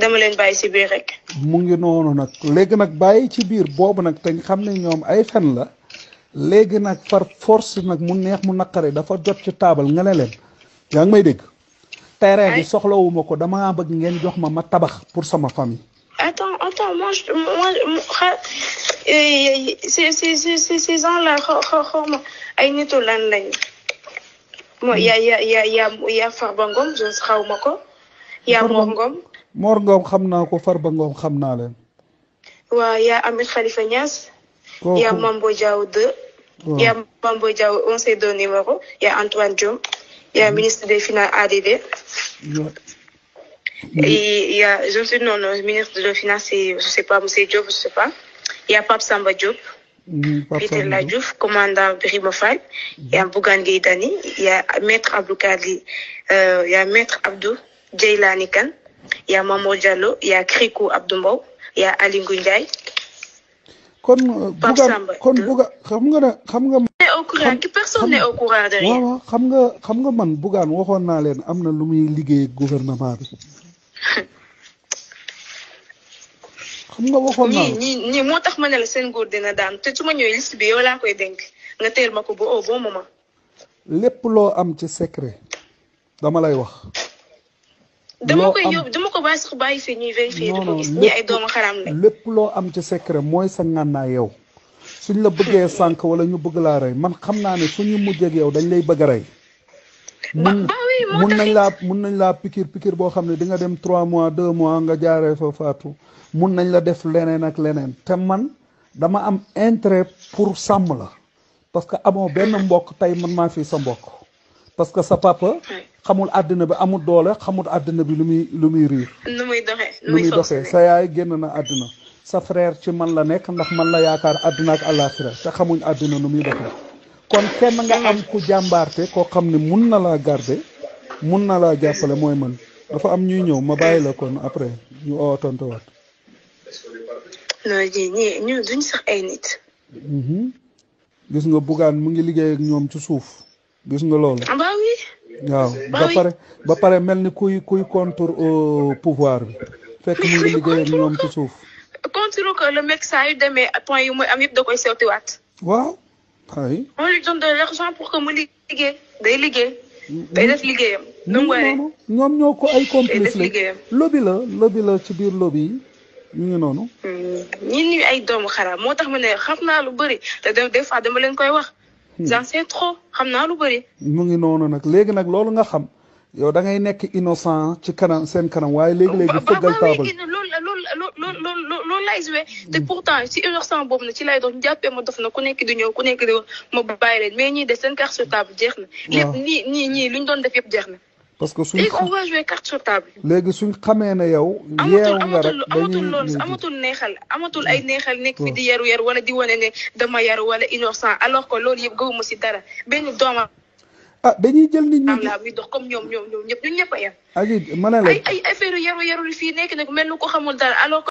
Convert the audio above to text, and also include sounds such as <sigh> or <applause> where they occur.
dama leen bàyyi ci biir rek. mu ngi noonu nag léegi nag bàyyi ci biir boobu nag te xam ne ñoom ay fen la léegi nag par force nag mu neex mu naqare dafa jot ci taabal nga ne leen yaa ngi may dégg. terrain bi soxlawuma ko dama bëgg ngeen jox ma ma tabax pour sama famille. attends attends moi je moi xa nitu lan lañu. mooy Ngom xaw ma ko. yaa Mor Ngom. Mor Ngom xam naa ko Farba Ngom xam y' a Ahmed Khalifa il y' a Mambo Diaw 2. y' a Mambo Diaw on s'est deux il y' a Antoine il y' a ministre des finances ADD. il y a je ne non non ministre des Finances, je ne sais pas monsieur Diop je ne sais pas il y a Pape Samba Diop. Mm-hmm, Peter La commandant brimofal mm-hmm. il y a Bougan Gaitani, il y a maître Abdou euh, il y a maître Abdou Djeylani yaa Mamadou Diallo yaa Kriku Abdou Mbow yaa Aly Ngouille Ndiaye. kon euh, Buga kon Buga xam nga xam nga. au xam nga xam nga man Bougane waxoon naa leen am na lu muy liggéey gouvernement bi. xam nga waxoon naa la moo tax ma ne la seen nguur dina daan te su ma ñëwee liste bi yow laa koy dénk nga teel ma ko ba au bon loo am ci secret dama lay wax. dama koy yóbbu dama ko bàyyi sax ñuy vérifier di ko lépp loo am ci secret mooy sa ngànnaay yow suñ la bëggee <laughs> sànq wala ñu bëgg laa rey man xam naa ne suñu mujjeek yow dañ lay bëgg a rey mun nañ laa mun nañ laa pikiir pikiir boo xam ne di nga dem trois mois deux mois nga jaaree fa faatu mun nañ la def leneen ak leneen te man dama am intérêt pour sàmm la parce que amoo benn mbokk tey man maa fi sa mbokk parce que sa papa xamul aduna bi amul doole xamul aduna bi lumuy lumuy riir lumuy muy doxee lu sa yaay génn na aduna sa frère ci man la nekk ndax man la yaakaar aduna ak àllaaxira te xamuñ aduna nu muy kon kenn nga am ku jàmbaarte koo xam ne mun na laa garder mun na laa jàppale mooy man dafa am ñuy ñëw ma bàyyi la kon après ñu oo tontuwaat ji ñu duñ sax ay nit mhm. gis nga bugaan mu ngi liggéey ak ñoom ci suuf gis nga loolu ah, waaw ba pare ba pare mel ni kuy kuy contre au euh, pouvoir bi fekk mu ngi liggéey ak ñoom ci suuf. contre que le mec saa yu demee point yu muy am yëpp da koy sewtiwaat. waaw. ay on lui donne de l'argent pour que mu liggéey day liggéey. day def liggéeyam. nu mu ñoom ñoo ko ay complice la lobby la lobby la ci biir lobby yi. ñu ngi noonu. Hmm. ñun ñu ay doomu xaraam moo tax ma ne xam naa lu bëri te des fois dama leen koy wax. genre hmm. c'est trop xam naa lu bëri. mu ngi noonu nag léegi nag loolu nga xam yo da ngay nekk innocent ci kanam seen kanam waaye léegi léegi. fëggal taabal loolu loolu loolu loolu loolu laay joué. te hmm. pourtant ci innocent boobu nag ci lay dox ñu jàppee ma dof na ku nekk di ñëw ku nekk di ma bàyyi leen mais ñii de seen carte sur table jeex na. waaw lépp ñii ñii ñii lu ñu doon def yëpp jeex na. parce que suñ léegi on va jouer carte sur table. léegi suñ xamee ne yow. yeewu nga rek amatul amatul amatul neexal amatul ay neexal nekk fi di yaru yaru wala di wane ne dama yaru wala innocent alors que loolu yëpp gëwuma ci dara ben doma ah dañuy jël nit ñi. am naa buy dox comme ñom ñom ñom ñep ñun ñëpp ay ay affaire yaru yaru fi nek nak melnu ko xamul dara alors